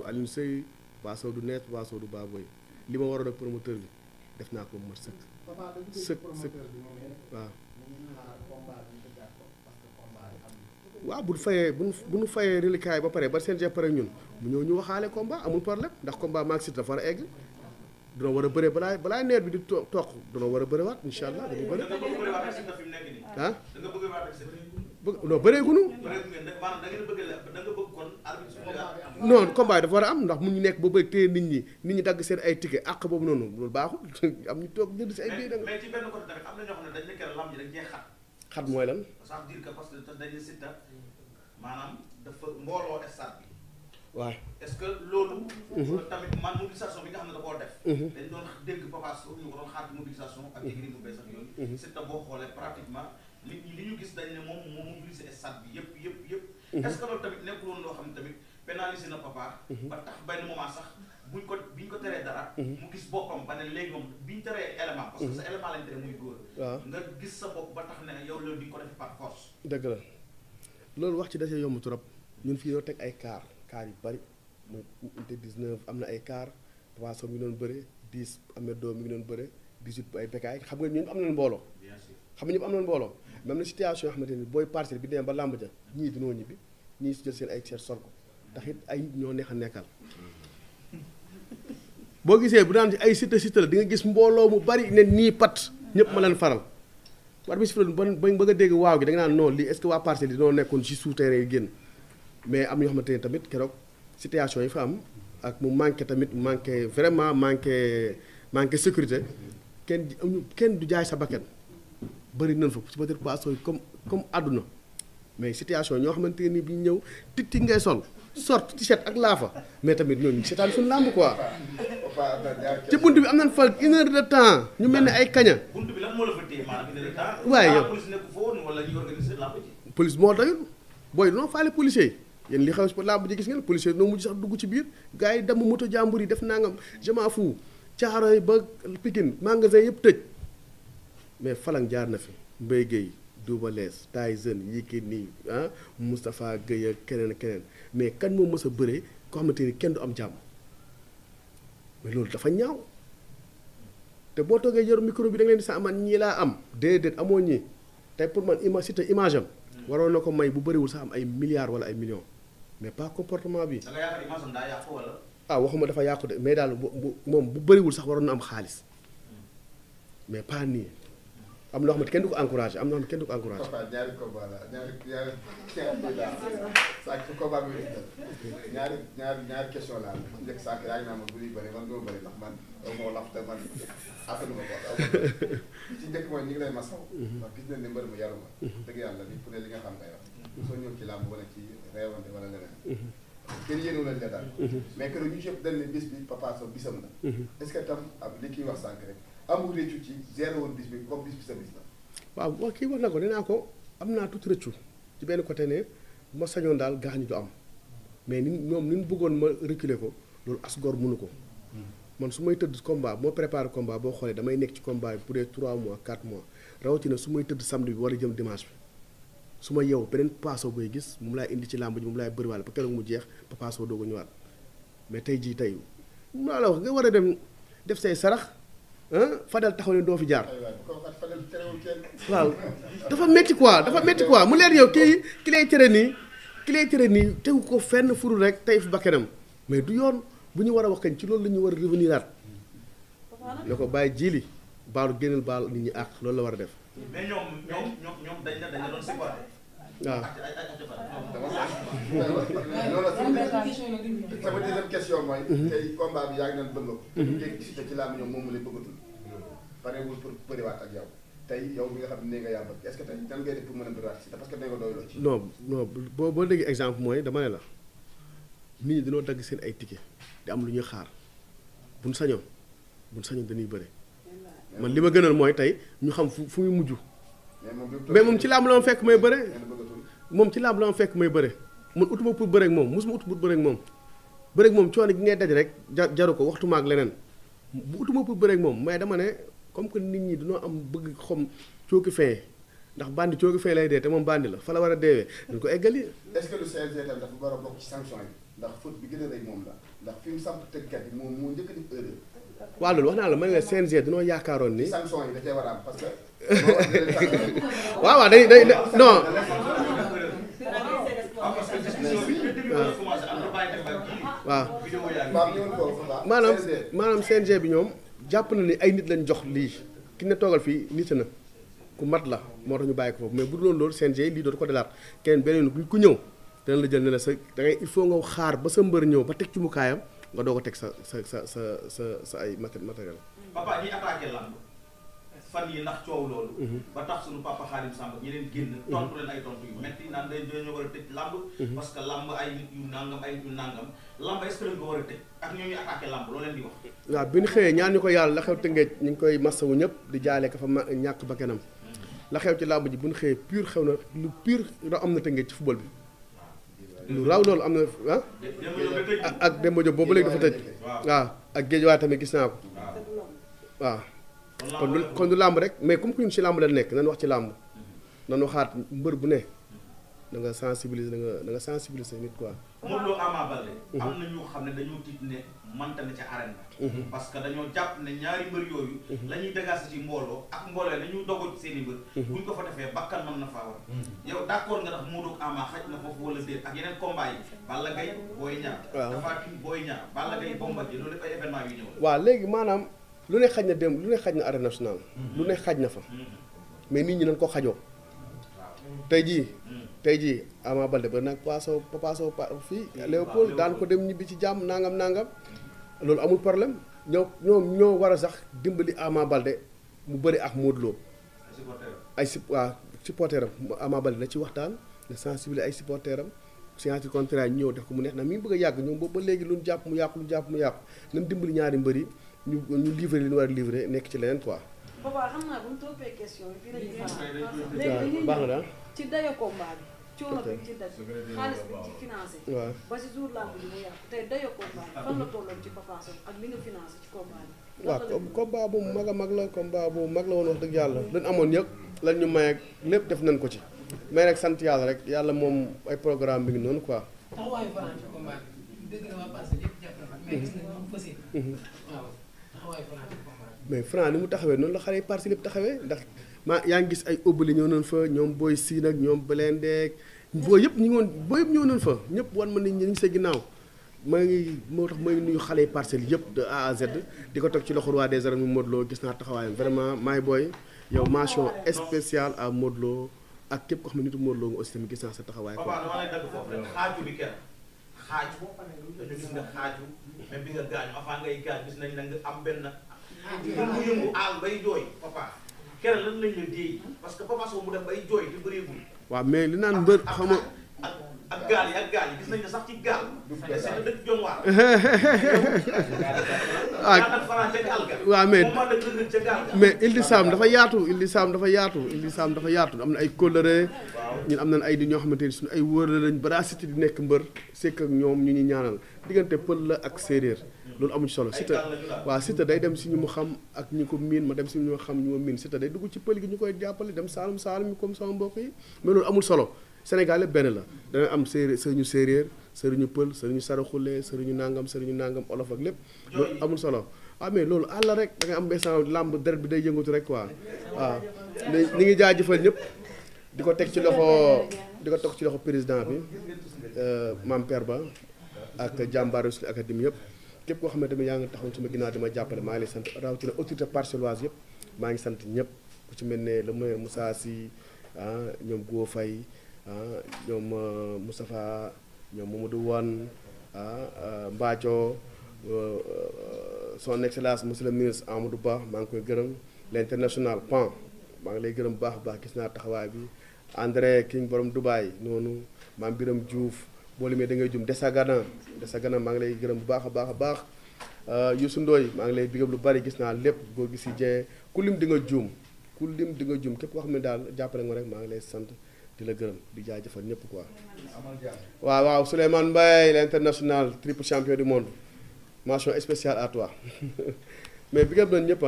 du Alioune Seye Paa Sow du Net Paa Sow du Baboy li ma waroon ak promoteur bi def naa ko mu mat sëkk. sëkk sëkk waaw. waaw bu ñu fayee bu ñu fayee reliquats ba pare ba CNG pare ñun mu ñëw ñu waxaale komba amul problème ndax combat maag si dafa war a egg dina war a bëre balaa balaa neer bi di toq dina war a bëriwaat incha allah dañuy bëri ah. bëgg non bëreegunu. non combat yi dafa war a am ndax mu ñu nekk ba bëgg téye nit ñi nit ñi dagg seen ay ticket àq boobu noonu loolu baaxul am ñu toog jënd si ay biir. mais na ñoo xam ne dañ ne keroog lamb ji dañ cee xat. xat mooy lan. ça veut dire que parce que dañ dafa mbooloo stade bi. waaw est-ce que loolu. Mhm. tamit man mobilisation bi nga xam ne da koo def. Mhm. dañ doon dégg Papa Sow ñu ko doon xaar mobilisation. ak yëngu mhm. boo xoolee pratiquement. li li ñu gis dañ ne moom moo mobilisé stade bi yëpp yëpp yëpp. Mhm. est tamit nekkul woon loo xam ne tamit pénalisé na papa. Mhm. ba tax benn moment sax buñ ko biñ ko teree dara. Mhm. mu gis boppam ba ne léegi moom biñ teree élément. parce que sa élément lañ tere muy góor. nga gis sa bopp ba tax ne yow loolu di ko def par dëgg la loolu wax ci dafay yomb trop ñun fii yoo teg ay car car yu bari mooy unité 19 am na ay car 300 mi ngi doon bëre 10 am na doom mi ngi doon bëre. 18 bu ay bekkaay xam nga ñun am nañu mbooloo. xam nga ñëpp am mbooloo. même na situation yoo xamante ne booy parcelle bi demee ba làmb ja ñii dinoo ñibbi ñii si jël seen ay ceeb sol ko tax it ñoo neex a nekkal. Mm-hmm. boo gisee bu daan ay site site la nga gis mbooloo mu bari ne nii pat ñëpp ma leen faral war bi si fi ba bëgg dégg waaw gi da nga naan non lii est-ce que waa parcelle yi dinoo mais am na yoo xamante tamit keroog situation yi fa am ak mu manqué tamit manqué vraiment manqué manqué sécurité. kenn amuñu kenn du jaay sa bakkan bari nañ fa su ma dee comme comme àdduna mais situation ñoo xamante ni bi ñëw titti ngay sol sort t-shirt ak laafa mais tamit ñooñu seetaan suñu làmb quoi. ci am nañ fa une heure ñu mel ni ay kaña. bunt bi lan moo la fa téye maanaam une heure de temps. waaye yow moo doyul booy non faale policier yi. li xew si làmb ji gis ngeen policier noo mujj sax dugg ci biir gars yi damm moto jàmbur yi def nangam je m'en fous Caaroy ba Pikine magasin yëpp tëj mais Falang jaar na fi Mbaye Guèye Double Less Tyson Yékini ah Moustapha Guèye ak keneen keneen mais kan moo mës a bëree ko xamante ni kenn du am jàmm mais loolu dafa ñaaw te boo toogee yor micro bi da nga leen di sa man ñii laa am déedéet amoo ñii tey pour man ima cité image am. waroon na ko may bu bëriwul sax am ay milliards wala ay millions mais pas comportement bi. ah waxuma dafa yàqu de mais daal bu moom bu bariwul sax waroon na am xaalis mais pas nii am loo xam ne kenn du ko encouragé am na loo xam kenn du ko encouragé. Papa ñaari combat la ñaari ñaari ñaari ñaari ñaari question la njëkk sànq yaa ngi naan ma bu ñuy bëri man doo bëri ndax man moo laf te man ma ko ci njëkk mooy ñu ngi lay masaw mhm. ndax gis nañ ne mu yaru mhm. dëgg yàlla li ku ne li nga xam ngay wax mhm. soo ñëw ci làmb wala ci réewante wala leneen kër yéenu leen nga daal mais que ñu yëpp dañ ne bis bi Papa Sow bisam mhm. wax sànq rek amul réccu ci zéro bis bi comme bis bi sa bis la kii wax na ko nee naa ko am naa tuuti rëccu ci benn côté ne ma sañoon daal gaañu du am mais ni ñoom ni ñu bëggoon ma reculer ko loolu as gor mënu ko mhm. man su may tëdd combat moo préparé combat boo xoolee damay nekk ci combat bi pour les 3 mois rawatina su may tëdd samedi bi wala jëm dimanche bi su ma yeewu beneen Papa Sow booy gis moom laay indi ci làmb ji moom laay bëriwaale ba keroog mu jeex Papa Sow doog a ñëwaat mais tey jii tey maa la wax nga war a dem def say sarax Fadel taxaw ne doo fi jaar. waaw dafa métti quoi dafa métti mu leer yow kii ki lay tere nii ki lay tere nii tegu ko fenn furu rek tey fi bakkanam mais du yoon bu ñu war a wax kañ ci loolu la ñu war a revenir aat ne ko bàyyi jiili baalu génneel baal nit ñi àq loolu la war a def. waaw. Ah. sama deuxième question mooy. tey combat bi yaa ngi doon bëgg a. la bëggatul. parewul pour bëriwaat ak yow. tey yow mi nga xam ne a bëriwaat si parce que nee nga doyuloo ci. boo déggee exemple mooy dama ne la nit ñi dañoo dagg seen ay ticket di am lu ñuy xaar buñ sañoon buñ sañoon dañuy bëri. man li ma a mooy tey ñu xam fu fu muy mujj. mais moom ci làmb la ma fekk may bëre. moom ci làmb la ma fekk may bëre man utuma pour bëre moom mosuma ut pour bëre moom bëre ak moom coono gi ngay daj rek ja jaru ko waxtu ak leneen bu utuma pour bëre moom mais dama ne comme que nit ñi dañoo am bëgg xom cooki fin ndax bandi cooki fin lay dee te moom bandi la fa la war a deewee dañ ko eggali. est-ce war a bokk ci sanction moom la ndax fi mu wax naa la man la CNG dañoo yaakaaroon ni. sanction yi da cee war a am que. waaw day day non. waaw maanaam maanaam CNG bi ñoom jàpp na ni ay nit lañ jox lii ki ne toogal fii nit na ku mat la moo tax ñu bàyyi ko foofu mais bu dul loolu CNG lii dootu ko delaat kenn beneen ku ñëw dana la jël ne la sa da ngay il faut nga xaar ba sa mbër ñëw ba teg ci mu nga doo ko teg sa sa sa sa sa sa ay matériel. fan yi ndax coow loolu mhm. mhm. metti naan dañ dañoo war war a tëj làmb mhm. loolu leen di bi ñu xëyee ñaan ñu ko yàlla la xew tëngeej ñu ngi koy massawu ñëpp di jaale ka fa ñàkk ba kenam la xew ci làmb ji bu ñu xëyee pur xew na lu pur raw am na tëngeej ci football bi lu raw loolu am na ah ak Demba Diop boobu léegi dafa tëj waaw ah, ak géej waay tamit gis naa ko waaw ah. kon du kon làmb rek mais comme que ñun ci làmb la nekk nañ wax ci làmb nañ waxaat mbër bu ne da nga sensibiliser da nga da nga sensibiliser nit quoi. Modou Lo Ama Baldé. Mhm. am na ñu xam ne dañoo tiit ne mënta na ca ba. Mhm. parce que dañoo jàpp ne ñaari mbër yooyu. Mhm. la ñuy dagaase mbooloo ak mbooloo yi dañu dogo mbër. buñ ko fa defee bakkan mën na faa war. yow d' accord nga ndax Modou xaj na foofu wala déet ak yeneen combat yi Balla Gaye Boy Niang. waaw léegi maanaam. lu ne xaj na démb lu ne xaj na arène nationale lu ne xaj na fa mais nit ñi nañ ko xajoo tey jii tey jii Ama Baldé ba nag paaso paaso fii Léopold daan ko dem ñibbi ci jàmm nangam nangam loolu amul problème ñoo ñoom ñoo war a sax dimbali Ama Baldé mu bari ak Modou Lo ay si waa supporter am Ama Baldé na ci waxtaan na sensibiliser ay supporter am séance contrat ñëw def ko mu neex na mi ngi bëgg a yàgg ñoom boobu ba léegi lu ñu jàpp mu yàqu lu jàpp mu yàqu nañ dimbali ñaari mbër yi ñu ñu livrer li ñu war a livrer nekk ci leneen quoi. na ci dayo combat bi. coono bi ba si jour làmb mu yàqu tey dayo combat bi fan la tolloon ci bu mag a mag la combat bu mag la wax dëgg yàlla lan amoon yëpp lan ñu may ak lépp def nañ ko ci. mais rek sant yàlla rek yàlla moom ay programme bi ngi noonu quoi. taxawaayu mais Franc ni mu taxawee noonu la xale yi Parcelles yëpp taxawee ndax ma yaa ngi gis ay obali ñëw nañ fa ñoom booy siin ak ñoom Blindé booy yëpp ñu ngi woon booy yëpp ñëw nañ fa ñëpp wan ma ni ñu sa ginnaaw ma ngi moo tax maa nuyu xale yi Parcelles yëpp de A di ko teg ci loxo roi des arènes mu Modou gis naa taxawaayam vraiment maay booy yow mention spéciale à Modou ak képp ko xam ne nitu Modou nga aussi tamit gis naa sa taxawaay quoi. xaaju dañu gis nga xaaju même bi nga gaañu avant ngay gaañ gis nañ la nga am benn yëngu-yëngu aal bay jooy papa keroog lan lañ la déey parce que papa soo mu def bay jooy te bëreegul waaw mais li naan mbër xam nga gaal yi ak mais mais Ile di Sam dafa yaatu Ile di Sam dafa yaatu Ile di dafa yaatu am na ay kóllëre. ñun am nañ ay di ñoo xam ne ni suñu ay wóor la lañ balaa di nekk mbër sekk ak ñoom ñu ñuy ñaanal diggante pël la ak séeréer. loolu amu solo Siteu waa Siteu day dem si ñu mu xam ak ñu ko miin ma dem si ñu ma xam ñu ma miin Siteu day dugg ci pël gi ñu koy jàppale dem saalum saalum comme sama mbokk yi mais loolu amul solo Sénégal lépp benn la dana am séeréer sëriñu séeréer sëriñu pël sëriñu saraxule sëriñu nangam sëriñu nangam olof ak lépp loolu amul solo ah mais loolu àll rek da nga am instant làmb deret bi day yëngatu rek quoi waaw ah. ni ngi jaajëfal ñëpp di ko teg ci loxo di ko teg ci loxo président bi euh, Mame Père Ba ak jàmbaaru suñu académie yëpp képp koo xam ne tamit yaa ngi taxaw sama ginnaaw dama jàppale maa ngi lay sant rawatina autorité parcelloise yëpp maa ngi sant ñëpp ku ci mel ne le maire Moussa Sy ah, ñoom Goo Faye ah ñoom ah, Moustapha ñoom Mamadou Wane ah, ah Mbathio ah, son excellence monsieur le ministre Amadou Ba maa ngi koy gërëm l'international PAN maa ngi lay gërëm bu baax baax gis naa taxawaay bi André King borom Dubaay noonu maam Biram Diouf boo limee da ngay jum Desagana Desagana maa ngi lay gërëm bu baax a baax a baax Youssou Ndoye maa ngi lay bigam lu bari gis naa lépp góor gis si jee ku lim di nga juum ku lim di nga juum képp koo xam ne daal jàppale nga rek maa ngi lay sant di la gërëm di jaajëfal ñëpp quoi. waaw waaw Souleymane Mbaye l'international triple champion du monde mention spéciale à toi mais bi nga doon ñëpp